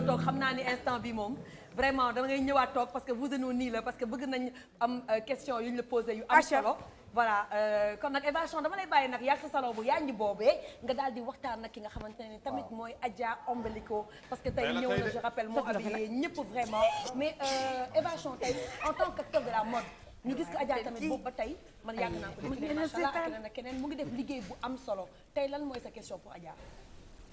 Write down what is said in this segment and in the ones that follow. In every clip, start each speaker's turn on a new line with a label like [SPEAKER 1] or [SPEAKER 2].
[SPEAKER 1] ñëw toog xam naa ni instant bi moom vraiment da ngay ñëwaat toog parce que vous et nous nii la parce que bëgg nañ am euh, question yu ñu la posé yu am voilà euh, kon nag Eva dama lay bàyyi nag yàgg sa salon bu yaa ngi boobee nga daal di waxtaan nag ki nga xamante ne tamit mooy Adja Ombelico parce que tey ñëw na je rappelle moo habillé ñëpp vraiment mais Eva euh, Chon tey en tant qu'acteur de la mode ñu gis ko Adja tamit boobu ba tey man yàgg naa ko def macha allah keneen mu ngi def liggéey bu am solo tey lan mooy sa question pour Adja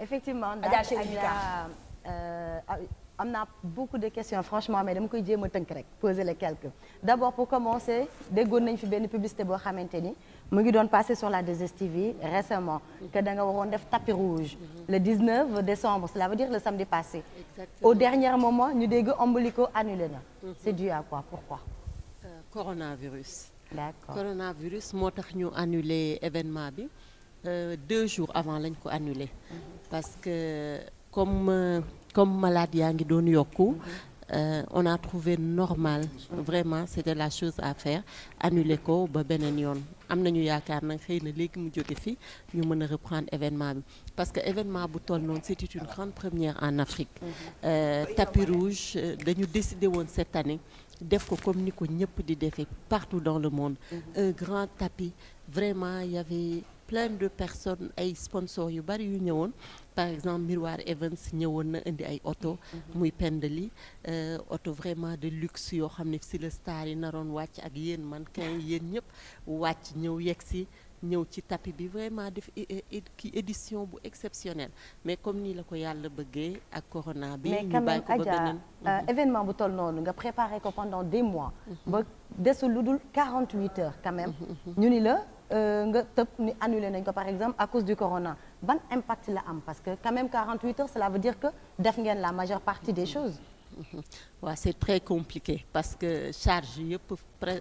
[SPEAKER 2] effectivement Adja Euh, ah am na beaucoup de questions franchement mais dama koy jéem a tënk rek poser les quelques d' abord pour commencer déggoon nañ fi benn publicité boo xamante ni mu ngi doon passer sur la 2STV récemment que da nga waroon def tapis rouge mhm. le 19 décembre cela veut dire le samedi passé Exactement. au dernier moment ñu dégg ombilico annulé na mhm. c' est dû à quoi pourquoi
[SPEAKER 3] euh, coronavirus moo tax ñu annulé événement bi euh, deux jours avant lañ ko annulé mhm. parce que comme euh, comme malade yaa ngi doon yokku euh, on a trouvé normal vraiment c'était la chose à faire annuler ko ba beneen yoon am nañu yaakaar nag xëy na léegi mu jóge fi ñu mën a reprendre événement bi parce que événement bu toll noonu c'était une grande première en Afrique mhm. euh, tapis rouge euh, dañu décider woon cette année def ko comme ni ko ñëpp di defee partout dans le monde mhm. un grand tapis vraiment y avait plein de personnes ay sponsors yu bari yu ñëwoon par exemple Miroir Events ñëwoon na indi ay oto mhm. muy pendali euh, oto vraiment de luxe yoo xam ne si la star yi naroon wàcc ak yéen mannequin yi yéen ñëpp wàcc ñëw yegg si ñëw ci tapis bi vraiment def ki édition bu exceptionnelle mais comme nii la ko yàlla bëggee ak corona bi. ñu bàyyi ko ba beneen euh, mhm.
[SPEAKER 2] événement bu toll noonu nga préparé ko pendant des mois. Mhm. ba desul lu dul 48 heures ñu ni la. Euh, nga tëb ni annulé nañ ko par exemple à cause du corona ban impact la am parce que quand même 48 heures cela veut dire def ngeen la
[SPEAKER 3] majeure partie des choses waaw c'est très compliqué parce que charge yëpp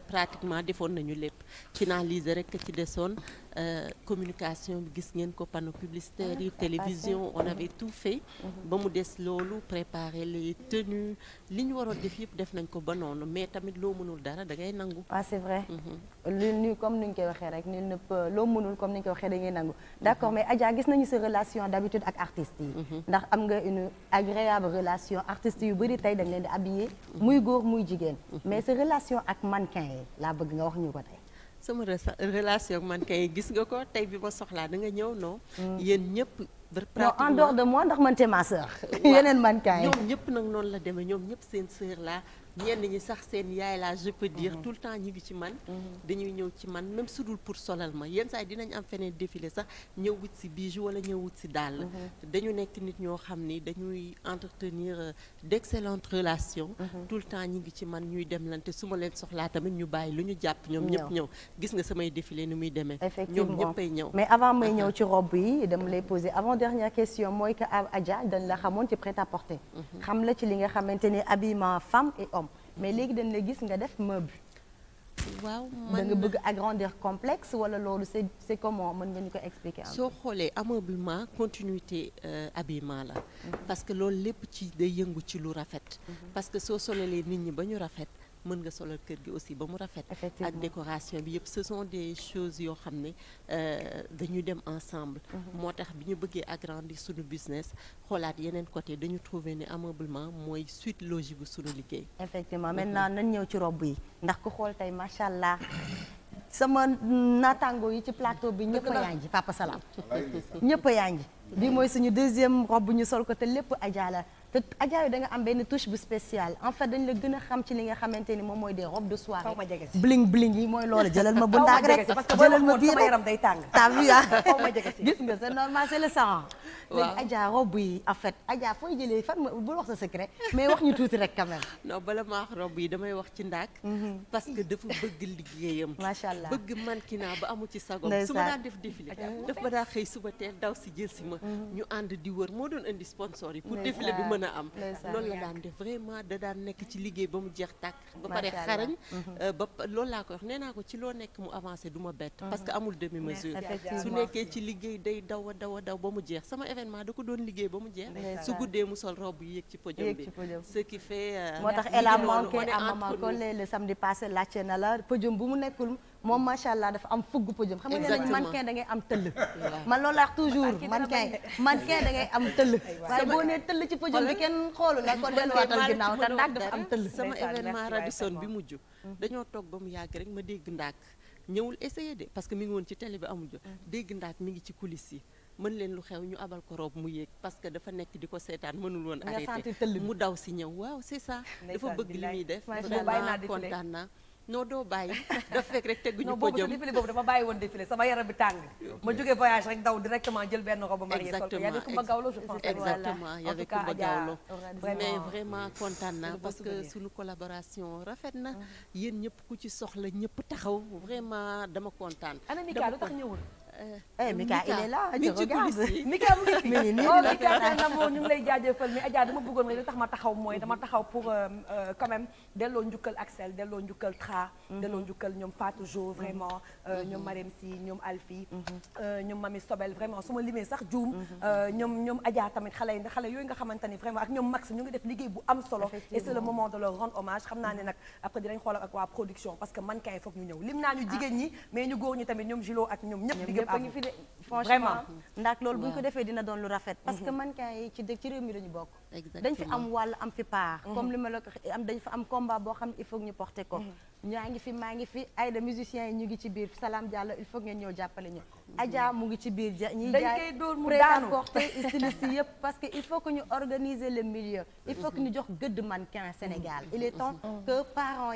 [SPEAKER 3] pratiquement defoon nañu lépp finaliser rek ci desoon euh, communication bi gis ngeen ko panneau publicitaire yi ah, télévision on avait tout fait mhm. ba mu des loolu préparer les tenues li ñu waroon def yëpp def nañ ko ba noonu mais tamit loo mënul dara da ngay nangu waaw ah, c'est vrai mhm.
[SPEAKER 2] lu ni comme ni ñu koy waxee rek ni nëpp loo mënul comme ni ñu koy waxee da ngay nangu mhm. d'accord mais Adja gis nañu sa relation d'habitude ak yi muy góor muy jigéen mais sa relation ak mannequin yi laa bëgg nga wax ñu ko tey
[SPEAKER 3] sama relation ak mannequin yi gis nga ko tey bi ma soxlaa da ñëw non mm. yéen ñëpp pratiquement
[SPEAKER 2] non en ndax man te ma sœur yeneen mannequin yi ñoom
[SPEAKER 3] ñëpp nag noonu la demee ñoom ñëpp seen sœur laa ñenn ñi sax seen yaay laa je peux dire mm-hmm. tout le temps ñu ngi ci man mm-hmm. dañuy ñëw ci man même sudul pour solal ma yenn saa yi dinañ am feneen défilé sax ñëw wut si bijou wala ñëw wut si dàll mm-hmm. dañu nekk nit ñoo xam ni dañuy entretenir euh, d'excellentes relations tout le temps ñi ngi ci man ñuy dem demlante su ma leen soxlaa tamit ñu bàyyi lu ñu jàpp ñoom ñëpp ñëw gis nga samay défilé ni muy demee ñoom ñëppay ñëw mais avant may ñëw
[SPEAKER 2] ci robe yi dama lay poser avant dernière question mooy que Adja dañ la xamoon ci prêt à porter la ci li nga xamante mais léegi dañ la gis nga def meuble. waaw man da nga bëgg agrandir complexe wala loolu c'est c'est comment mën nga ñu ko expliquer. soo
[SPEAKER 3] xoolee ameublement continuité euh, habillement la. Mm-hmm. parce que loolu lépp ci day yëngu ci lu rafet. Mm-hmm. parce que soo solelee nit ñi ba ñu rafet. mën nga solal kër gi aussi ba mu rafet ak décoration bi yëpp ce sont des choses yoo xam ne euh, dañu dem ensemble mhm. moo tax bi ñu bëggee ak agrandir suñu business xoolaat yeneen côté dañu trouver ne ameublement mooy suite logique bu suñu liggéey effectivement maintenant
[SPEAKER 2] nañ ñëw ci robb yi ndax ku xool tey macha allah sama naataango yi ci plateau bi ñëpp yaa ngi papa salaam ñëpp yaa ngi bii mooy suñu deuxième robe ñu sol ko te lépp ajaala te Adja yooyu da nga am benn touche bu spécial en fait dañ la gën a xam ci li nga xamante ni moom mooy des robes de soirée. xaw ma yi mooy loolu jëlal ma bu ndaag rek jëlal ma bii rek day tàng t'as vu sa mais wax ñu tuuti rek quand même
[SPEAKER 3] non bala ma wax robe yi damay wax ci ndaag mm-hmm. parce que dafa bëgg liggéeyam macha allah bëgg mannequinat ba amu ci sagom su ma daan def défilé daf ba daa xëy suba teel daw si jël si ma mm-hmm. ñu ànd di wër moo doon indi sponsor yi pour défilé bi mën a am loolu la daan def vraiment da daan nekk ci liggéey ba mu jeex tàkk ba pare xarañ mhm. euh, ba loolu laa ko wax nee ko ci loo nekk mu avancé du bett mhm. parce que amul demi mesure su nekkee ci liggéey day daw a daw a ba mu jeex sama événement da ko doon liggéey ba mu jeex su guddee mu sol yéeg ci podium bi ce qui fait euh, moo tax elle a manqué à maman
[SPEAKER 2] samedi passé laajte na la podium bu mu nekkul moom macha allah dafa am fugg pëjëm xam nga ne mannequin da ngay am tëll man loolu laax toujours mannequin mannequin da am tëll waaye boo nee tëll ci pëjëm bi kenn xoolu la ko delluwaatal ginnaaw te ndaak dafa am tëll sama événement Radisson bi
[SPEAKER 3] mujj dañoo toog ba mu yàgg rek ma dégg ndaak ñëwul essayer de parce que mi ngi woon ci télé bi amul jo mm-hmm. dégg ndaak mi ngi ci coulisses yi mën leen lu xew ñu abal ko robe mu yéeg parce que dafa nekk di ko seetaan mënul woon arrêté mu daw si ñëw waaw c'est ça dafa bëgg li muy def vraiment kontaan naa non doo bàyyi dafa fekk rek tegguñu ko jëm non défilé boobu dama bàyyi woon défilé sama yaram bi tàng. ma jógee voyage
[SPEAKER 1] rek ndaw directement jël benn robe mariée sol ko yàgg Kumba Gawlo je pense exactement yàgg Kumba Gawlo mais euh, vraiment kontaan naa parce que suñu
[SPEAKER 3] collaboration rafet na mm-hmm. yéen ñëpp ku ci soxla ñëpp taxaw vraiment dama kontaan. ana Mika lu tax ñëwul. eh, eh Mika il est là je regarde Mika mu ngi fi mais nii oh, la Mika tey na moo ñu ngi lay jaajëfal mais Adja dama bëggoon
[SPEAKER 1] nga li tax ma taxaw mooy dama taxaw pour euh, euh, quand même delloo njukkal Axel delloo njukkal Tra mhm. delloo njukkal ñoom Fatou Jo mhm. vraiment euh, mhm. ñoom Marème Sy ñoom Alfi ñoom Mami Sobel vraiment su ma limee sax juum ñoom ñoom Adja tamit xale yi xale yooyu nga xamante ni vraiment ak ñoom Max ñu ngi def liggéey bu am solo et c'est le moment de leur rendre hommage xam naa ne nag après dinañ xoolal ak waa production parce que mannequin yi foog ñu ñëw lim naa ñu ah. jigéen ñi mais ñu góor ñi tamit ñoom Gilo ak ñoom ñëpp ñëpp a fi de vraiment
[SPEAKER 3] ndax lool bu ñu ko defee
[SPEAKER 2] dina doon lu rafet parce que mhm. mannequin yi ci dëkk ci réew mi dañu bokk dañ fi am wàll am fi part mhm. comme li ma la ko am dañ fa am combat boo xam ne il faut ñu porter ko mhm. ñaa ngi fi maa ngi fi ayda musiciens yi ñu ngi ci biir Salam Diallo il faut ngeen ñëw jàppale ñu Adja mu ngi ci biir ja ñiy jaay prêt-à-porter styliste yëpp parce que il faut que ñu organiser le milieu il faut que ñu jox gëdd mannequin Sénégal il est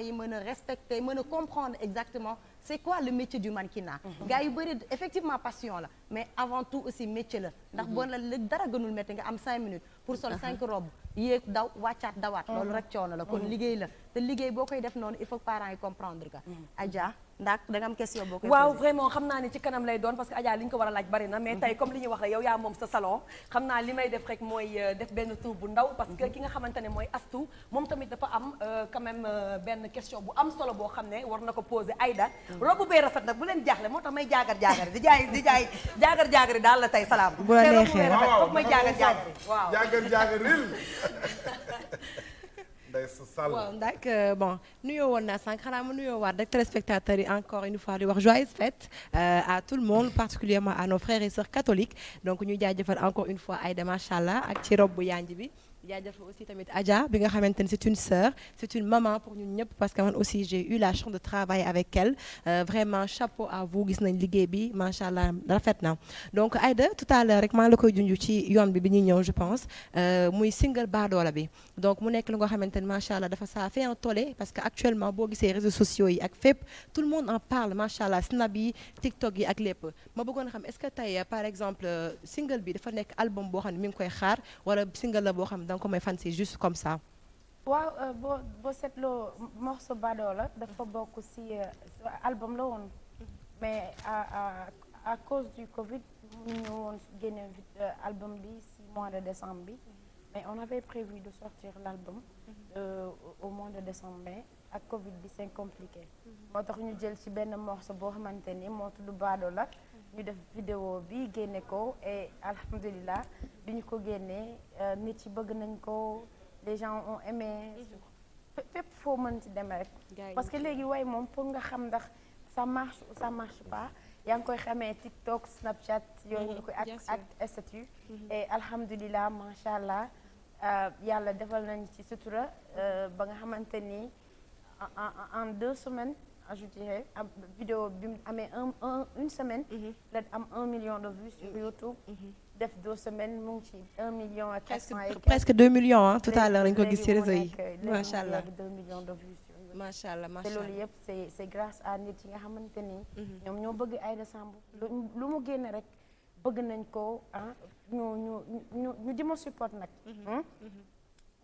[SPEAKER 2] yi mën a respecter mën a comprendre exactement c'est quoi le métier du mannequinat gars yu bëri effectivement passion la mais avant tout aussi métier la ndax mhm. bon la léegi dara gënul métti nga am 5 minutes pour sol 5 robes yéeg daw wàccaat dawaat ah. loolu rek coono la kon ah. liggéey la te liggéey boo koy def noonu il faut parents yi comprendre que mm. Adja ndax da nga am question boo koy waaw
[SPEAKER 1] xam naa ni ci kanam lay doon parce que Adja li ñu ko war a laaj bari mais tey mm-hmm. comme li ñuy wax rek yow yaa moom sa salon xam naa li may def rek mooy euh, def benn tour bu ndaw parce que mm-hmm. ki nga xamante ne mooy Astou moom tamit dafa am euh, quand même euh, benn question bu am solo boo xam ne war na ko poser Aïda mm-hmm. robu bay rafet nag bu leen jaaxle moo tax may jaagar jaagari di jaay di jaay jaagar jaagari daal la tey salaam bu
[SPEAKER 4] la neexee Ndeye Sall waaw
[SPEAKER 5] ndax euh, bon nuyoo woon naa sànq xanaa ma nuyoo waat rek téléspectateurs yi encore une fois di wax joyeuse fête euh, à tout le monde particulièrement à nos frères et sœurs catholiques donc ñu jaajëfal encore une fois ay de macha ak ci rob bu yanj bi. jaajëf aussi tamit Adja bi nga xamante ni c'est une sœur c'est une maman pour ñun ñëpp parce que man aussi j'ai eu la chance de travailler avec elle euh, vraiment chapeau à gis nañ liggéey bi macha allah yoon bi bi ñuy ñëw je pense euh, muy single baadoola bi donc mu nekk allah dafa saa fait un parce que actuellement boo gisee réseaux sociaux yi ak fépp tout le monde en parle macha allah snap yi TikTok yi ak lépp ma bëggoon xam est que tey par exemple euh, single bi dafa nekk album boo xam ne mi ngi koy xaar wala ko may fan si juste comme ça.
[SPEAKER 6] waaw boo boo morso morceau Badoo la dafa bokk si euh, album la woon mais à à cause du Covid ñu woon génne euh, album bi si mois de décembre bi mais on avait prévu de sortir l'album euh, au mois de décembre mais ak Covid bi c'est compliqué. Mm-hmm. moo tax ñu jël si benn morceau boo xamante ni moo tudd Badoo la. ñu def vidéo bi génne ko e alhamdulilah bi ñu ko génnee euh, nit ñi bëgg nañ ko les gens ont aimé. fépp foo mën ci demee rek. parce que léegi way moom pour nga xam ndax sa marche sa ça marche yaa ngi koy xamee TikTok Snapchat. yooyu mhm, ñu koy ak ak statut. et mhm. alhamdulilah macha allah euh, yàlla defal nañ ci sutura euh, ba nga xamante ni en en deux semaines. je dirais am ah, vidéo bi mu amee un un une semaine. Mm-hmm. la am un million de vues sur YouTube. Mm-hmm. def deux semaines mu ngi ci un million à quatre cent et quelques presque a millions ah tout à ko gis ci réseau yi macha allah deux millions de vues sur YouTube. macha allah macha allah te loolu yëpp c'est c'est grâce à nit yi nga xamante ni. Mm-hmm. ñoom ñoo bëgg Aïda Samb lu mu génn rek bëgg nañ ko ah ñu ñu ñu ñu di ma support nag. Hmm?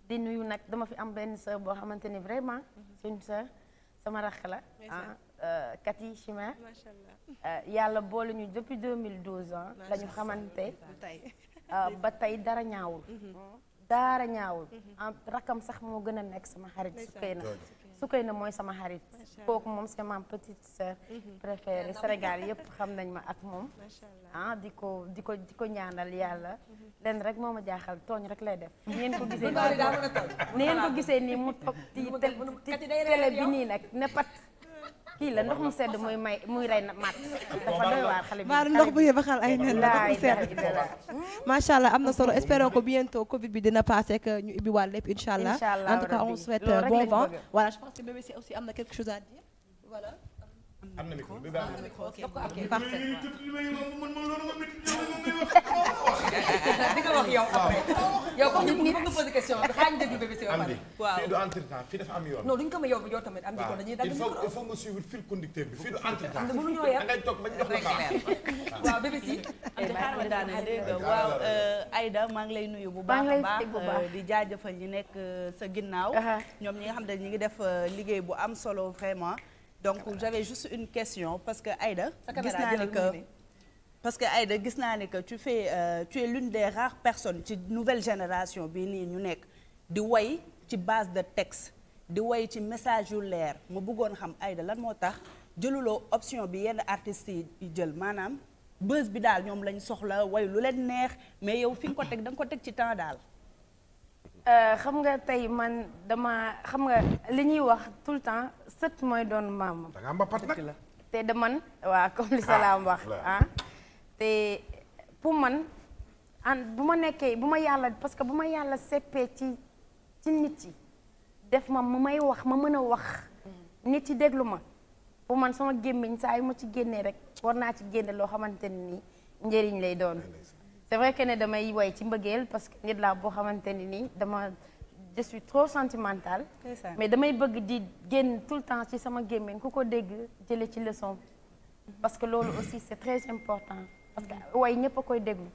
[SPEAKER 6] di nuyu nag dama fi am benn sœur boo xamante ni vraiment c'est une sœur. sama rax la ah Cathy euh, Chima macha euh, yàlla boole ñu depuis mille 2012 ans la ñu xamante euh, ba tey dara ñaawul mhm. daara ñaawul mhm. rakam sax moo gën a nekk sama xarit su kay na su na mooy sama xarit. kooku moom c'est ma petite sœur mhm. préférée Sénégal yëpp xam nañ ma ak moom. ah di ko di ko di ko ñaanal yàlla. Mhm. lenn rek moo ma jaaxal tooñ rek lay def. ni ko gisee nii ni ngeen mu toog ci télé bi nii nag ne pat. kii la ndox mu sedd muy may muy rey mat dafa doy waar xale ndox bu
[SPEAKER 5] yee ba xal ay nen la ndox mu sedd macha am na solo espérons que bientôt Covid bi na passé que ñu ubbi waat lépp incha allah en tout cas on souhaite bon vent voilà je pense que bébé aussi am na quelque chose à dire am na micro bi baax na micro
[SPEAKER 4] ok parfait
[SPEAKER 1] di nga wax yow après
[SPEAKER 5] yow comme
[SPEAKER 4] nit nga
[SPEAKER 1] posé question bi xaañ déglu bébé si am di fii du entre
[SPEAKER 4] temps fii dafa am yoon non
[SPEAKER 1] duñ ko ma yow yow tamit am di ko dañuy dal il faut il faut nga suivre
[SPEAKER 4] fil conducteur bi fii du entre temps mënuñoo
[SPEAKER 1] yem dangay toog bañ jox la waaw bébé si am di xaaral daane dégg nga waaw euh, Aïda maa ngi lay nuyu bu baax bu euh, baax di jaajëfal ñi nekk euh, sa ginnaaw uh-huh. ñoom ñi nga xam ne ñi ngi def liggéey bu am solo vraiment donc j'avais juste une question parce que Aïda ah, gis naa ne que parce que Aïda gis naa ne que tu fais euh, tu es l'une des ci nouvelle génération bii nii ñu nekk di woy ci base de texte di woy ci message yu leer ma bëggoon xam ayda lan moo tax jëluloo option bi yenn artistes yi jël maanaam buzz bi daal ñoom lañ soxla woy lu leen neex mais yow fi nga ko teg da ko teg ci temps daal
[SPEAKER 6] Euh, xam nga tey man dama xam nga li ñuy wax tout le temps sët mooy doon maam da nga mbapat nag te de man waa comme li salaam ah, wax ah. te pour man an bu ma nekkee bu ma yàlla parce que bu ma yàlla seppee ci ci nit yi def ma mu may wax ma mën a wax. nit yi déglu ma. bu man sama gémmiñ saa yu ma ci génnee rek war naa ci génne loo xamante ni njëriñ lay doon. c'est vrai que ne damay woy ci mbëggeel parce que nit laa boo xamante ni nii dama je suis trop sentimentale mais damay bëgg di génn tout le temps ci sama gémmiñ ku ko dégg jële ci leçon parce que loolu aussi c'est très important parce que way ñëpp a koy déglu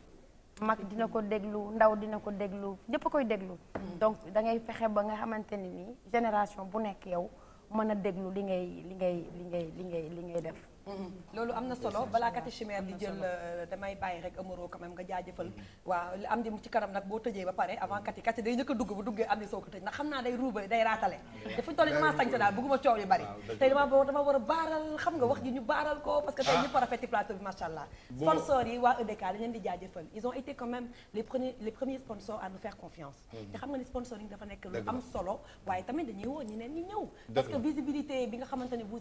[SPEAKER 6] mag dina ko déglu ndaw dina ko déglu ñëpp a koy déglu donc da ngay fexe ba nga xamante ni nii génération bu nekk yow mën a déglu li ngay li ngay li ngay li ngay li ngay def Mhm.
[SPEAKER 1] loolu am na solo balaa kati chimère di jël euh, damay bàyyi rek amoro quand même nga jaajëfal mhm. waaw am di ci kanam nag boo tëjee ba pare avant mhm. kati kati day njëkk a dugg bu duggee am di soo ko tëj ndax xam a nga wax ji ah. a rafet ci plateau bi macha yi waa EDK dañ leen di jaajëfal ils ont été quand même les premiers les premiers sponsors à confiance te xam nga ni sponsoring dafa nekk lu am solo waaye tamit dañuy woo ñeneen ñi ñëw parce que visibilité bi nga xamante ne vous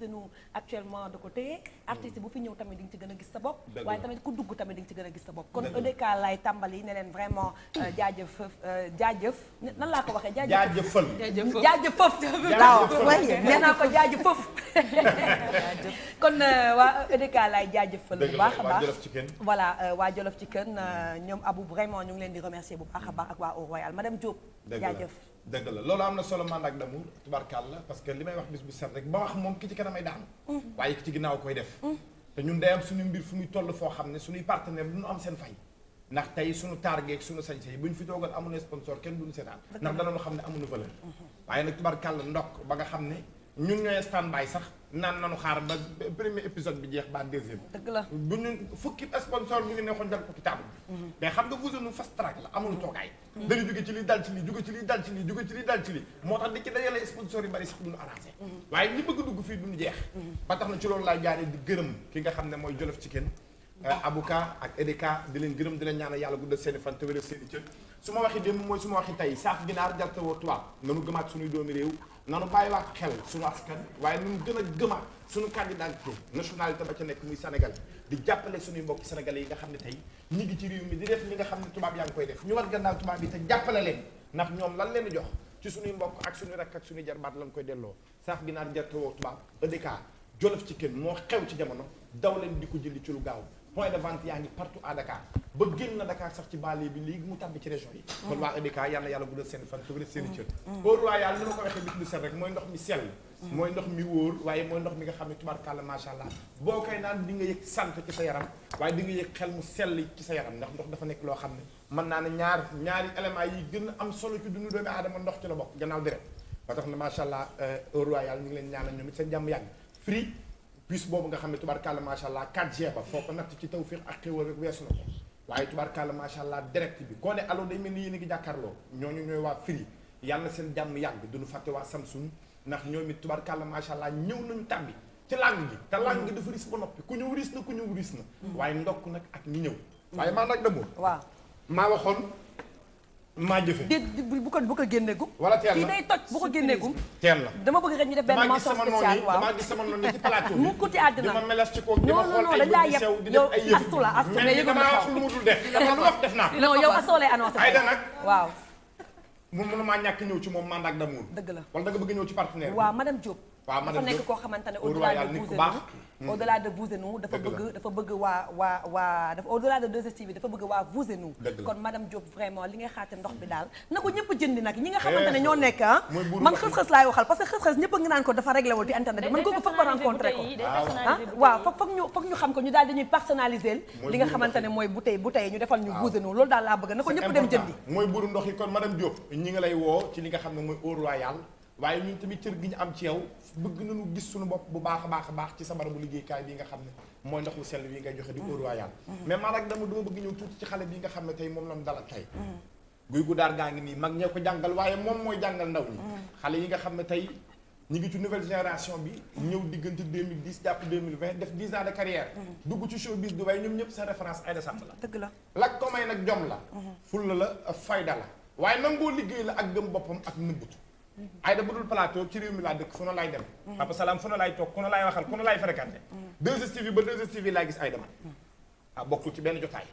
[SPEAKER 1] et artiste bu fi ñëw tamit di nga ci gën a gis sa bopp waaye tamit ku dugg tamit di nga ci gën a gis sa bopp kon EDK lay tàmbali ne leen vraiment euh, jaajëf euh, jaajëf nan laa ko waxee jaajëfal jaajëfëf waaw nee naa ko jaajëfëf kon euh, waa EDK lay jaajëfal bu baax a baax voilà waa Jolof Chicken ñoom Abou vraiment ñu ngi leen di remercier bu baax a baax ak waa Au Royal madame Diop jaajëf dëgg la loolu am na solo mandak d'amour tubarkàlla parce que li may wax bis bu set rek ba wax moom ki ci kanamay daan
[SPEAKER 4] waaye ki ci ginnaaw koy def te ñun day am suñu mbir fu muy toll foo xam ne suñuy partenaire duñu am seen fay ndax tey suñu geek suñu sañse yi bu ñu fi toogal amuñu sponsor kenn duñu seetaan ndax danañu xam ne amuñu valeur uhuh. waaye nag tubarkàlla ndokk ba nga xam ne ñun ñooy stand by sax naan nañu xaar ba premier épisode bi jeex ba deuxième. dëgg la bu ñu fukki sponsor ñu ngi neexoon dal ko ci table bi. Mhm. mais xam nga vous nous fast track la amul toogaay. dañu jóge ci lii dal ci lii jóge ci lii dal ci lii moo tax di ci dajale sponsor yi bari sax duñu arrangé. Mhm. waaye ñi bëgg dugg fii duñu jeex. Mhm. ba tax na ci loolu laay jaaree di gërëm ki nga xam ne mooy Jolof Chicken. Euh, Abuka ak Edeka di leen gërëm di leen ñaanal yàlla guddal seen i seen i su ma waxi démb mooy su ma waxi tey saaf ginaar jarte woo tubaab nanu gëmaat suñuy doomi réew nanu bàyyiwaat xel suñu askan waaye nanu gën a gëmaat suñu candidature nationalité ba ca nekk muy di jàppale suñuy mbokki sénégalais yi nga xam ne tey ñi ngi ci réew mi di def li nga xam ne tubaab yaa ngi koy def ñu war gannaaw tubaab yi te jàppale leen ndax ñoom lan leen di jox ci suñuy mbokk ak suñuy rakk ak suñuy jarbaat lañ koy delloo saaf ginaar jarte woo tubaab EDK jolof ci kenn moo xew ci jamono daw leen di ko jëli ci lu gaaw point de vente yaa ngi partout à Dakar ba génn na Dakar sax ci banlieue bi léegi mu tàbbi ci région yi kon waa EDK yàlla yàlla guddal seen fan tëbëri seen cër mm. au ni ma ko waxee bit lu sel rek mooy ndox mi sell mm. mooy ndox mi wóor mooy ndox mi xam ne tubaarkàlla macha allah boo koy naan di nga yëg sant ci sa yaram waaye di nga yëg xel mu sell ci sa yaram ndax ndox dafa nekk loo xam ne mën naa ne ñaar ñaari éléments yi gën a am solo ci dundu doomi aadama ndox ci la bokk gannaaw deret ba tax na macha allah euh, au royal ñu ngi leen ñaanal ñoom it seen jàmm yàgg free bus boobu nga xam ne tubaarkàlla macha allah 4G foo ko natt ci tawféex ak xéwal weesu na ko waaye tubaarkàlla macha allah direct bi koo ne allo day mel ni yéen a ngi jàkkaarloo ñooñu ñooy waa Free yàlla seen jàmm yàgg duñu fàtte waa Samsung ndax ñoom it tubaarkàlla macha allah ñëw nañu tàbbi ci langue gi te langue gi dafa ris ba noppi ku ñëw ris na ku ñëw ris na waaye ndokk nag ak ñi ñëw waaye maa nag damoo waaw maa waxoon maa jëfe bu ko bu ko génneegum wala teel la kii day toj ko génneegum teel la
[SPEAKER 1] dama bëgg rek ñu def benn mention spéciale waaw damaa gis sama noon yi ci plateau bi mu kuti àddina dama
[SPEAKER 4] melas ci kooku non non non dañ laa yeb yow dama wax lu mu dul def lu wax def naa non yow astu lay annoncé waaw mu mënu maa ñàkk ñëw
[SPEAKER 1] ci moom mandat d'amour dëgg la wala da nga bëgg ñëw ci partenaire ma madame Diop waaw dafa nekk koo xamante ne hmm. au-delà de vous dafa bëgg waa waa waa dafa au-delà de 2STV bi dafa bëgg waa vous kon madame Diop vraiment li nga xaate ndox bi daal na ko ñëpp jëndi nag ñi nga eh, xamante ne ñoo nekk ah man xës-xës laay waxal parce que xës-xës ñëpp a ngi naan ko dafa réglé wul ci ñu nga xamante ne mooy bouteille bouteille ñu defal ñu vous et nous loolu daal laa bëgg na ko ñëpp dem jëndi
[SPEAKER 4] mooy buuru ndox yi kon madame Diop ñi ngi lay woo ci li nga xam ne mooy eau royal waaye ñun tamit cër gi ñu am ci yow bëgg na nañu gis suñu bopp bu baax baax a baax ci sa barabu liggéeykaay bi nga xam ne mooy ndoxu sell wi nga joxe di Eau Royal mm-hmm. mais man rek dama dama bëgg ñëw tuuti ci xale bi nga xam ne tey moom lañ dalal tey
[SPEAKER 7] mm-hmm.
[SPEAKER 4] guy gu gaa ngi nii mag ñee ko jàngal waaye moom mooy jàngal ndaw ñi mm-hmm. xale yi nga xam ne tey ñu ngi ci nouvelle génération bi ñëw diggante 2010 jàpp 2020 def 10 ans de carrière dugg ci showbiz bi waaye ñoom ñëpp sa la dëgg la lak ko liggéey la ak gëm boppam ak nëbbutu Mm-hmm. ay da budul plateau ci réew mi laa dëkk fu na laay dem mm-hmm. papa salaam fu na laay toog ku na laay waxal ku na laay fréquenté 2STV mm-hmm. ba 2STV laa gis ay dama ah bokkul ci benn jotaay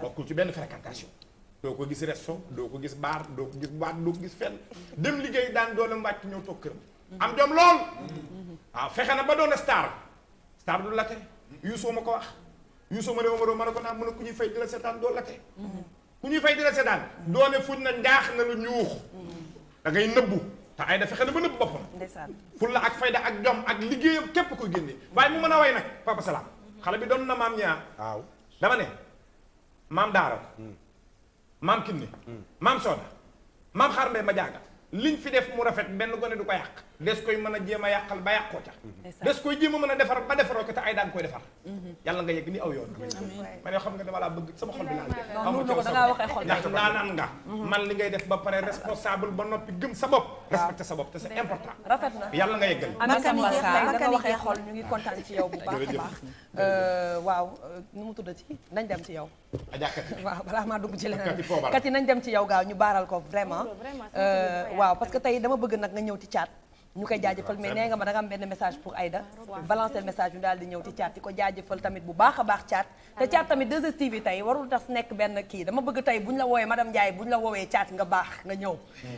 [SPEAKER 4] bokkul ci benn fréquentation doo ko gis resto doo ko gis baar doo ko gis baat doo ko gis fenn dem liggéey daan doolam wàcc ñëw toog këram am jom lool waaw ah, fexe na ba doon star star du late Youssou ma ko wax Youssou ma ne ma ma ne ko naan mu ne ku ñuy fay di la seetaan doo late ku ñuy fay di la seetaan doone fuñ na njaax na lu ñuux da ngay nëbbu te ay da fexe na ba nëbb boppam fulla ak fayda ak jom ak liggéeyam képp koy génne waaye mu mën a way nag papa salaam xale bi doon na maam ñaa waaw dama ne maam daara hmm. maam kinne hmm. maam sooda maam xaar ma jaaga liñ fi def mu rafet benn gone du ko yàq des koy mën a jéem a yàqal ba yàqoo ca des koy jéem a mën a defar ba defaroo ca te ay daan koy defar mhm. yàlla nga yegg ni aw yoon ma ne xam nga dama laa bëgg sama xol bi laa def ndax ndaanaan nga mhm. man li ngay def ba pare responsable ba noppi gëm sa bopp respecté sa bopp te c'est
[SPEAKER 1] rafet yàlla nga yeggal
[SPEAKER 8] da nga waxee xol
[SPEAKER 1] ñu ngi kontaan ci yow bu baax a baax euh, waaw nu mu tuddati nañ dem ci yow waaw balaa maa dugg ci leneen kat yi nañ dem ci yow gaaw ñu baaral ko vraiment euh, waaw parce que tey dama bëgg nag nga ñëw ci caat ñu koy jaajëfal mais nee nga ma da am benn message pour Aïda balancer message ñu daal di ñëw ci caat di ko jaajëfal tamit bu baax a baax caat te caat tamit 2STV warul tas nekk benn kii dama bëgg tey buñ ñu la woowee madame Ndiaye bu ñu la woowee caat nga baax nga ñëw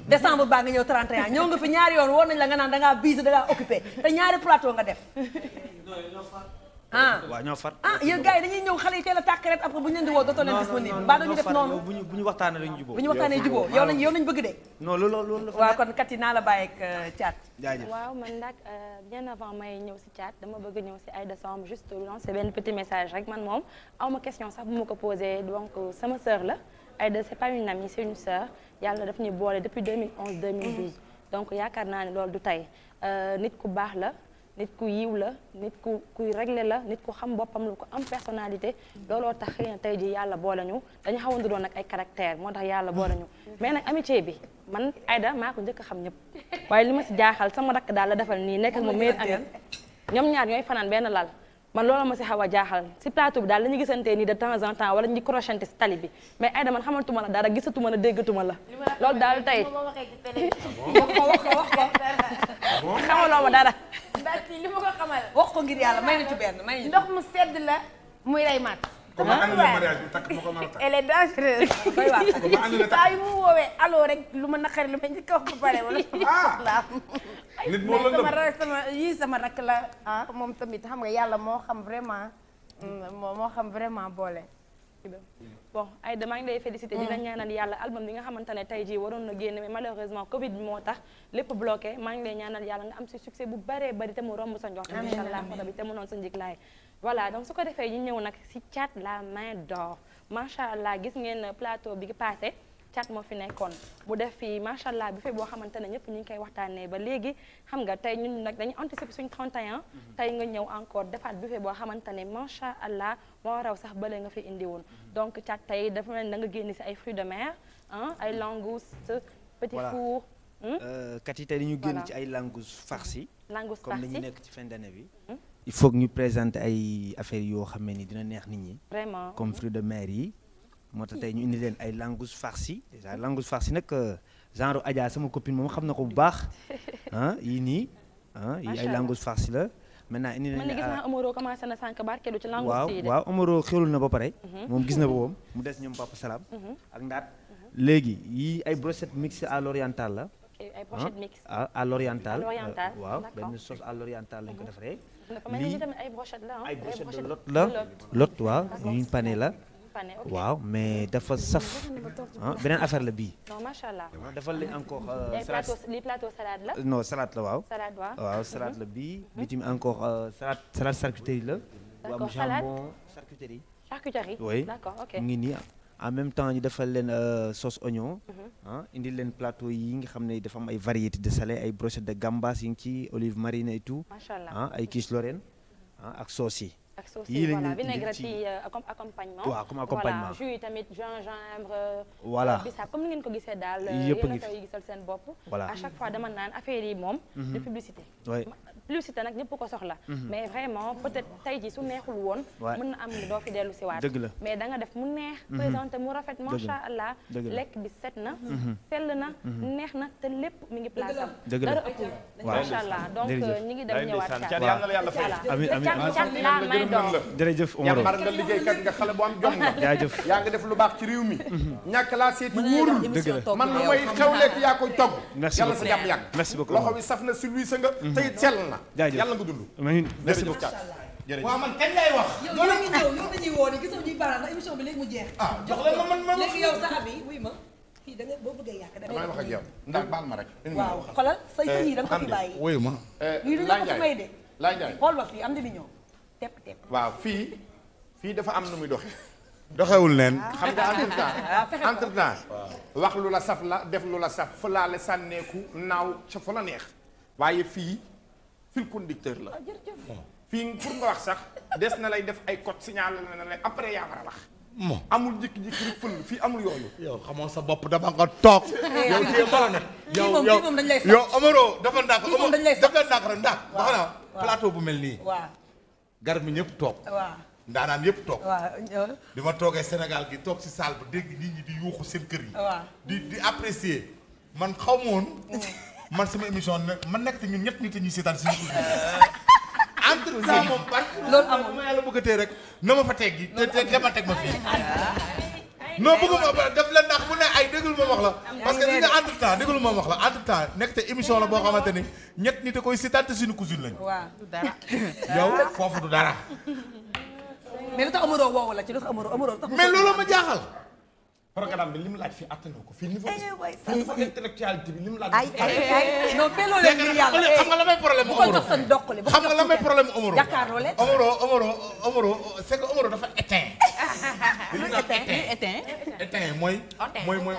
[SPEAKER 1] décembre baa nga ñëw 31 ñëw nga fi ñaari yoon woon nañ la nga naan da ngaa busy da ngaa occupé te ñaari plateau nga def
[SPEAKER 9] ah waaw ñoo far. ah
[SPEAKER 1] yéen yi dañuy ñëw xale yi teel a tàkk rek après bu ñu leen di dootoo leen disponible. mbaa doo ñu def noonu
[SPEAKER 9] bu ñu bu ñu waxtaanee lañu jubóo. bu ñu waxtaanee jubóo yow lañ yow lañ bëgg de. non loolu loolu la. waaw
[SPEAKER 1] kon kat yi naa la bàyyeeg euh, Thiat. jaajëf
[SPEAKER 8] waaw man nag euh, bien avant may ñëw si Thiat dama bëgg ñëw si ay Aïda Samb juste lancer benn petit message rek man moom aw ma question sax bu ma ko posé donc euh, sama sœur la ay de pas une amie c'est une sœur yàlla daf ñu boole depuis 2011 2012 mm. donc yaakaar naa ne loolu du tey nit ku baax la nit ku yiw la nit ku kuy réglé la nit ku xam boppam la ku am personnalité looloo tax xëy na tey ji yàlla boole ñu dañu xawandu doon nag ay caractère moo tax yàlla boole ñu mais nag amitié bi man Aïda maa ko xam ñëpp waaye li ma si jaaxal sama rakk daal la defal nii nekk ak ma meilleur ami ñoom ñaar fanaan benn lal man loolu ma si xaw a jaaxal si plateau bi daal la ñu gisantee nii de temps en temps wala ñu crochante si tali bi mais Aïda man xamaltuma la dara gisatuma na déggatuma la loolu daal tey
[SPEAKER 6] xamaloo ma dara Mbacke li ma ko xamal. wax ko ngir yàlla may na ci benn may ndox mu sedd la muy rey na
[SPEAKER 7] mariage bi ma ko mën a
[SPEAKER 6] takk. elle rek lu ma naqari lu ma njëkk ba pare wala. ah nit sama yii sama rakk la ah moom tamit xam nga yàlla moo xam vraiment mm, moo xam vraiment boole.
[SPEAKER 8] bon ay damaa ngi lay félicité di mm. ñaanal yàlla album bi nga xamante ne jii waroon na génn malheureusement Covid moo tax lépp bloqué maa ngi ñaanal yàlla nga am si succès bu bëree bëri te mu romb sa njort incha allah rabbi te mu noonu sa njiglaay voilà donc su ko defee ñu ñëw nag si Thiat la main d'or macha allah gis ngeen plateau bi passé cat moo fi nekkoon mu def fi macha allah bi fi boo xamante ne ñëpp ñu ngi koy waxtaanee ba léegi xam nga tey ñun nag dañu anticiper suñu 31. Mm-hmm. tey nga ñëw encore defaat bi fi boo xamante ne macha allah moo raw sax bale nga fi indi woon mm-hmm. donc cat tey dafa mel na nga génn si ay fruits de mer ah ay mm-hmm. langoustes. petit four
[SPEAKER 9] hmm? euh, kat yi tey dañu génn ci ay langoustes farcies. langoustes farcies comme dañu nekk ci fin d'année bi. il faut que ñu présenter ay affaires yoo xam ne ni dina neex nit ñi. vraiment comme de mer yi. moo tax tey ñu indi leen ay langouste farci déjà langouste farci nag euh, genre Adja sama copine moom xam na ko bu baax ah yii nii ah yii ay langouste farci la maintenant indi nañ man gis naa
[SPEAKER 8] Omaro commencé na sànq barkeelu ci ah, langouste yi de waaw
[SPEAKER 9] waaw Omaro xewlul na ba pare mhm. moom gis na boobam mu des ñoom Papa Salam mhm. ak ndaat mhm. léegi yii ay brochette mixte à l'oriental la
[SPEAKER 8] ay brochette ah, mixte
[SPEAKER 9] ah, à l'oriental euh, waaw benn lañ ko defaree
[SPEAKER 8] lii ay brochette de lot la lot waaw yuñ pané la waaw mais dafa saf ah, beneen affaire la bi non macha allah dafa lañ encore. Euh, li plateau salade la. non salade la waaw. salade la
[SPEAKER 9] bi tamit mhm. encore euh, salade salade charcuterie la. bu am jambon
[SPEAKER 1] charcuterie.
[SPEAKER 8] mu ngi nii
[SPEAKER 9] en même temps ñu defal leen euh, sauce oignon. Mhm. Ah, indi leen plateau yi nga xam ne dafa am ay variété de salé ay brochettes de gambas yi ngi ci olive marine et ah, ay quiche lorraine ak sauce yi.
[SPEAKER 8] ak sauce voilà vinaigrette yi euh, comme accompagnement. waaw comme accompagnement voilà jus yi tamit gingembre. voilà euh, bisaab comme ni ngeen ko gisee daal. Euh, yëpp ngi fi gisal seen bopp. voilà à chaque fois dama naan affaire yi moom. de mhm. publicité. oui publicité nag ñëpp ko soxla. Mhm. mais vraiment peut-être tey jii su neexul woon. mën na am lu doo fi si waat. dëgg la mais da nga def mu neex. Mhm. présenté mu rafet macha lekk bi set na. sell na neex na te lépp mu ngi place am. dëgg la dara ëppul. macha allah donc ñi ngi
[SPEAKER 9] mën la jërëjëf Omaro yàmbar nga liggéeykat
[SPEAKER 4] nga xale bu am jom nga jaajëf yaa nga def lu baax ci réew mi ñàkk laa seeti wóorul man lu may xewleek yaa koy togg yàlla sa jàmm yàgg merci beaucoup loxo bi saf na si luy sa nga mhm. tey sell na yàlla nga dund merci beaucoup jërëjëf waaw man
[SPEAKER 1] kañ lay wax. yow yaa ngi ñëw yow dañuy woo di gis nga ñuy baaraan ndax émission bi léegi mu jeex. ah jox la ma man ma léegi yow sa abi wuy ma fii da nga boo bëggee yàq da ngay wax ak yow
[SPEAKER 4] ndax baal ma rek. waaw
[SPEAKER 1] xoolal say sëñ yi da nga ko fi bàyyi. wuy ma laa Ndiaye lii du ñu ko fi may de. laa Ndiaye xool ma fii am na lu ñëw. tepp
[SPEAKER 4] waaw fii fii dafa am nu muy doxe doxewul neen xam nga entre temps ah, entre temps wax lu la saf la def lu la saf fa laale sànneeku naaw ca fa la neex waaye fii fil conducteur la oh, fii pour nga wax sax des na lay def ay code signal na lay après yaa war a wax amul jékki-jékki rek fël fii amul yooyu. yow xamoo sa bopp dama nga toog. Eh, yow kii yow yow yow yow Amaro dafa ndàkk. kii moom dafa ndàkk rek bu mel nii. garab mi ñëpp toog. waaw ndaanaan yëpp toog. waaw bi ma toogee Sénégal gi toog ci saal bu dégg nit ñi di yuuxu seen kër yi. di di apprécier man xaw ma woon mm. man sama émission man nekk te ñun ñett nit ñi seetaan si ñu.
[SPEAKER 2] entre ça moom
[SPEAKER 4] loolu amul ma yàlla bëgg a tee rek na ma fa teggi te te ma teg ma fii. non bëgguma ba daf la ndax bu ne ay déglu ma wax la parce que li nga entre temps déglu ma wax la entre temps nekk te émission la boo xamante ni ñett ñi da koy sitante suñu si lañ
[SPEAKER 1] waaw du dara
[SPEAKER 4] yow foofu du dara
[SPEAKER 1] mais lu tax amoroo woowu la ci lu tax amoroo amoroo mais la ma jaaxal
[SPEAKER 4] programme bi li mu laaj fii attanoo ko fii niveau. Eh, fii niveau intellectualité bi li mu laaj. ay ay ay non telloo leen ngir yàlla xam nga la may problème mu Omaro bu ko jox seen doqale bu ko xam nga la may problème mu dafa éteint.
[SPEAKER 3] li ñu naan éteint éteint
[SPEAKER 4] éteint mooy. mooy mooy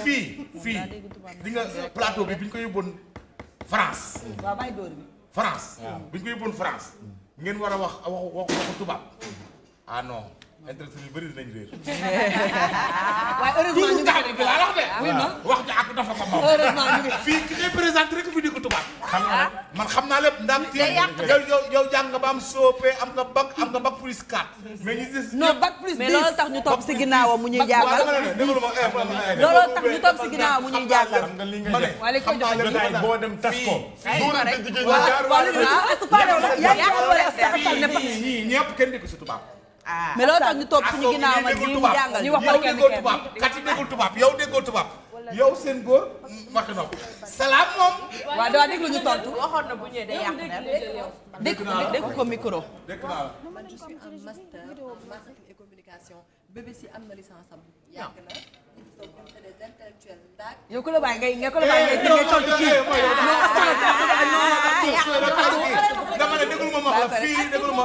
[SPEAKER 4] a fii di nga plateau bi bi ñu ko yóbboon France.
[SPEAKER 1] Mm. waaw bàyyi dóor bi.
[SPEAKER 4] France. Mm. bi ñu ko yóbboon France. ngeen war a wax waxu waxu tubaab. Mm. ah non. internet yu bëri dinañ réer. waaye heureusement ñu ngi wax de. Ah, wax ji ak dafa ko moom. heureusement ñu ngi fii ki ngay présenté rek fi di ko tubaab. xam nga ah. man xam naa lépp ndax. day yow yow yow nga ba am am nga bac am nga bac plus 4.
[SPEAKER 1] mais ñu loolu tax ñu topp si ginnaawam mu ñuy jàngal. loolu tax ñu topp si ginnaawam mu ñuy jàngal. ma ne xam naa lépp daal boo dem tas ko. fii fii
[SPEAKER 4] waaw ah, kenn dégg si tubaab.
[SPEAKER 1] ah mais loolu tax ñu topp suñu ah, ginnaawam ñu jàngal ñu wax ko kenn kenn. yow déggoo tubaab
[SPEAKER 4] kat yi déggul tubaab yow seen góor waxi na ko
[SPEAKER 1] salaam moom. waaw doo déglu ñu tontu waxoon na bu ñëwee day yàq na dégg naa dégg ko micro. dégg naa la man je suis en master
[SPEAKER 5] marketing et communication bébé si am na licence am yàgg na.
[SPEAKER 1] yow ku la bàyyi ngay nga ku la bàyyi ngay ngay tontu kii
[SPEAKER 4] dama ne déglu ma ma la fii déglu ma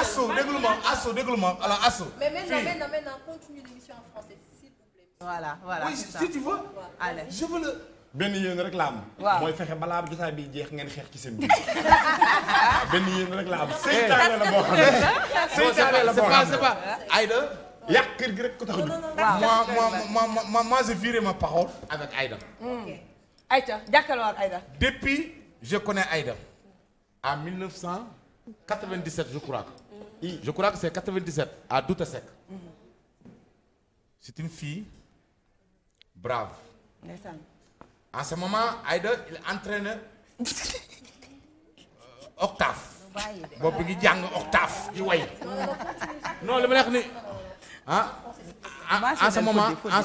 [SPEAKER 4] asu déglu ma asu déglu ma ala asu. mais maintenant
[SPEAKER 5] maintenant continue l'émission en français.
[SPEAKER 3] voilà
[SPEAKER 4] voilà oui, si tu veux. allez je veux le. benn yéen rek la am. waaw mooy fexe balaa jotaay bi jeex ngeen xeex ci seen biir. Ah, benn yéen rek la am. seytaane la boo xam ne eh. seytaane la boo xam ne c'est pas Aïda. yàq kër gi rek ko tax a jóg. waaw ma ma ma ma j'ai viré ma parole avec Aïda.
[SPEAKER 1] Hmm. Aïda jàkkaarloo ak Aïda.
[SPEAKER 4] depuis je connais Aïda. en 1997 je crois que. Hmm. je crois que c'est 97. à Douta Seck. Hmm. c'est une fille. brave. en ce moment Aïda il entraîne octave. boobu ngi jàng octave di way. non li ma neex ni ah.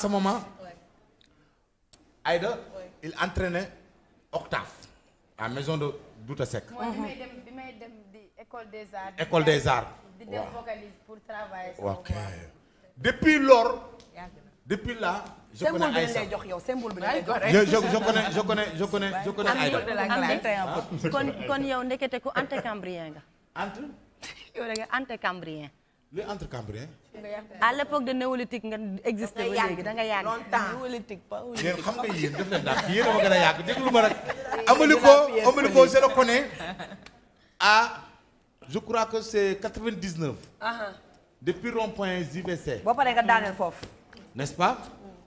[SPEAKER 4] moment en il entraîne octave. à maison de Douta
[SPEAKER 6] Seck. mooy des arts.
[SPEAKER 4] depuis lors. depuis là. je connais ay sax yow
[SPEAKER 2] je
[SPEAKER 4] connais je connais je connais je connais ah. Ah. kon kon
[SPEAKER 2] yow ndekete ku antécambrien nga. entre. yow da nga antécambrien. a antécambrien. à l'époque de néolithique nga existé ba léegi da nga yàgg longtemps néolithique pas. yéen xam nga
[SPEAKER 4] yéen def leen daal yéen a ma yàgg déglu ma rek. Amalico je le connais ah je crois que c'est 99. Ah, depuis rond point JVC. boo
[SPEAKER 1] paree nga daaneel foofu.
[SPEAKER 4] nest pas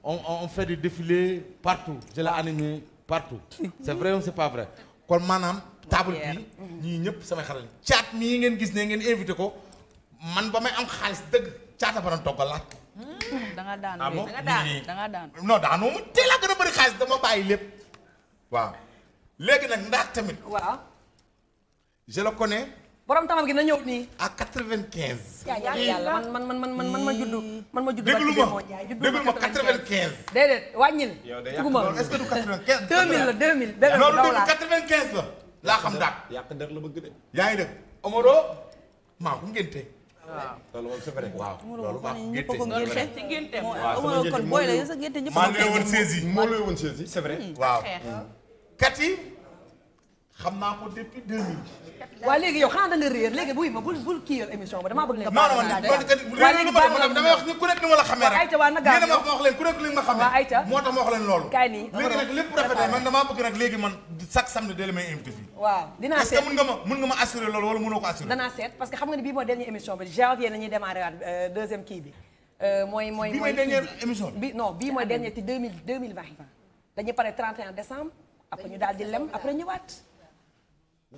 [SPEAKER 4] on, on fait des défilés partout je l'ai animé partout c'est vrai ou c'est pas vrai kon maanaam table bi ñii ñëpp samay xaral caat mii ngeen gis ne ngeen invité ko man ba may am xaalis dëgg caata ba doon toggal laaj
[SPEAKER 8] hmm, da nga daan ah daan
[SPEAKER 4] non daanoo mu gën a bëri xaalis dama bàyyi lépp waaw léegi nag ndax tamit waaw je connais borom tamam gi na ñëw nii. à quatre-vingt-quinze. yaa yàlla
[SPEAKER 1] man man man man man ma juddu.
[SPEAKER 4] man ma juddu ba ci démb
[SPEAKER 1] Ndiaye juddu ma
[SPEAKER 4] quatre-vingt-quinze.
[SPEAKER 1] déedéet wàññil. yow de yàq loolu est-ce que du quatre-vingt-quinze.
[SPEAKER 4] deux mille la deux mille. benn loolu du
[SPEAKER 1] quatre-vingt-quinze la.
[SPEAKER 4] laa xam daal yàq der la bëgg de. yaa ngi dégg Omaro maa ko ngénte. waaw loolu moom c'est vrai waaw loolu maa ko ngénte. loolu xeex ci
[SPEAKER 1] ngénte waaw kon booy la yow sa ngénte ñëpp. maa ngi lay woon seize
[SPEAKER 4] yi moo lay woon seize yi c'est vrai waaw kati xam naa
[SPEAKER 1] ko depuis 2000. waaw léegi yow xanaa da nga réer léegi buy ma bul bul kii yor émission ba damaa bëgg nga. baax naa dara waaye léegi baax naa dama wax ni ku nekk ni ma la xamee rek. leen ku nekk li ma wax leen loolu. kaay bëgg
[SPEAKER 4] nag man chaque samedi day may invité fii.
[SPEAKER 1] dinaa seet parce que xam nga ni bii mooy dernière émission bi janvier la ñuy démarrer waat euh, deuxième kii bi euh, mooy mooy bii mooy dernière décembre après ñu daal di lem après ñëwaat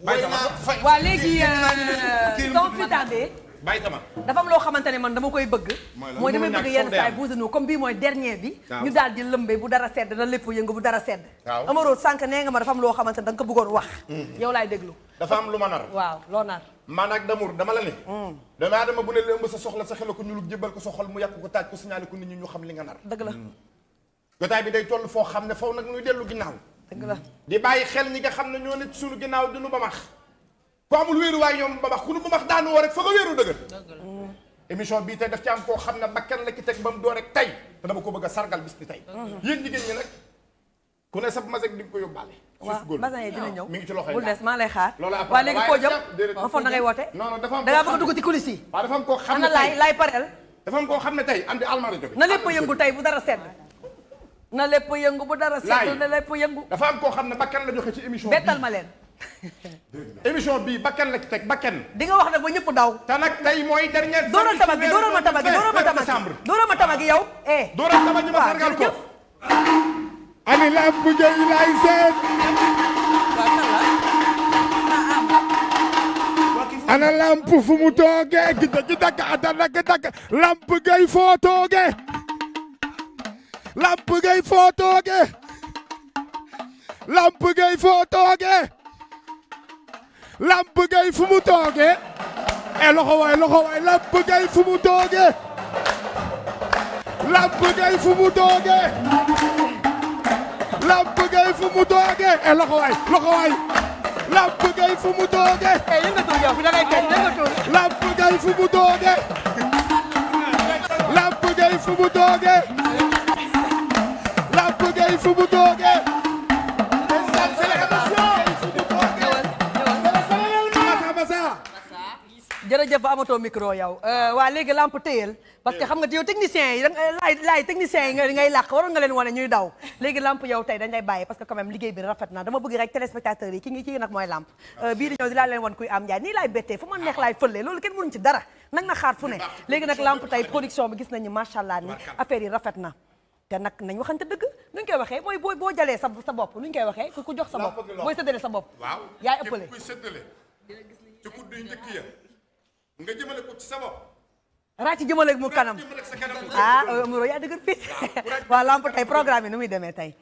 [SPEAKER 1] waaw léegi euh, sans plus tarder bàyyi tama dafa am loo xamante ne man dama koy bëgg mooy damay bëgg yenn saay buusanu comme bii mooy dernier bi ñu daal di lëmbe bu dara sedd na lépp yëngu bu dara sedd Amaroo sànq nee nga ma dafa am loo xamante ne da nga ko bëggoon wax mhm. yow laay déglu dafa am lu ma nar waaw loo nar man ak Damour dama la ne mm.
[SPEAKER 4] dama dama bu ne lëmb sa soxla sa xel ko ñulug jébal ko sa xol mu yàq ko taaj ko signalé ko nit ñi ñu xam li nga nar dëgg la mm. jotaay bi day toll foo xam ne faw nag ñuy dellu ginnaaw dëgg la di bàyyi xel ñi nga xam ne ñoo ne ci suñu ginnaaw du nu ba max ku amul wéeruwaay ñoom ba max ku nu ba max daanu woo rek fa nga wéeru
[SPEAKER 1] mm.
[SPEAKER 4] bii tey daf ci koo xam ne bakkan la ki ba mu doo rek tey te dama ko bëgg a sargal bis tey mm-hmm. yéen jigéen ñi nag ku ne sa masak di ah, ma foog na ngay woote non non
[SPEAKER 1] dafa am da ngaa bëgg dugg ci coulisses am koo xam ana laay laay pareel dafa am koo xam ne tey andi almara jóge na lépp yëngu tey bu dara sedd na lépp yëngu bu dara seetlu na lépp yëngu. dafa am koo xam ne bakkan la joxe ci émission bi bettal ma leen.
[SPEAKER 4] la ci teg bakkan. di nga wax nag ba ñëpp daw. te nag mooy dernier. dooral tabagi
[SPEAKER 1] dooral ma tabagi dooral ma tabagi dooral ma tabagi yow. Eh. dooral tabagi ma sargal ko. ani la bu jëy laay seet. Ah, ah.
[SPEAKER 4] ana lamp fu mu toogee gis nga gis nga lamp gay foo toogee. lamp ngay foo tooge lamp ngay foo tooge lamp ngay fu mu tooge e loxo waay loxo waay lamp ngay fu mu tooge lamp ngay fu mu tooge lamp ngay fu mu tooge e loxo waay loxo waay eh, lamp ngay fu mu tooge lamp ngay fu mu tooge lamp ngay fu mu tooge su bu toogee
[SPEAKER 1] jërëjëf ba amatoo micro yow euh, waa léegi lampe téyel parce que xam nga yow technicien yi danga laay laay technicien yi ngay làq waroon nga leen wane ñuy daw léegi lampe yow tey dañ lay bàyyi parce que quand même liggéey bi rafet na dama bëgg rek téléspectateurs yi ki ngi ci nag mooy lampe euh, bii di ñëw di laa leen wan kuy am njaay nii laay bettee fu ma neex laay fëllee loolu kenn mënuñ ci dara nag na xaar fu ne léegi nag lampe tey production bi gis nañu macha allah ni yi rafet na te nag nañ waxante dëgg nuñ koy waxee mooy boo boo jalee sa sa bopp nuñ koy waxee ku jox sa bopp booy séddale sa bopp waaw yaay ëppale kuy
[SPEAKER 4] séddale ci mudd yu njëkk ya nga ci sa bopp
[SPEAKER 1] raa ci jëmale mu kanam ah euh, muro yaa dëgër fii waaw lamp tey programme yi nu muy demee tey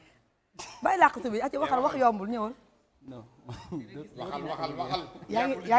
[SPEAKER 1] bàyyi làqatu bi aca waxal wax yombul ñëwal
[SPEAKER 6] non
[SPEAKER 4] waxal
[SPEAKER 9] waxal waxal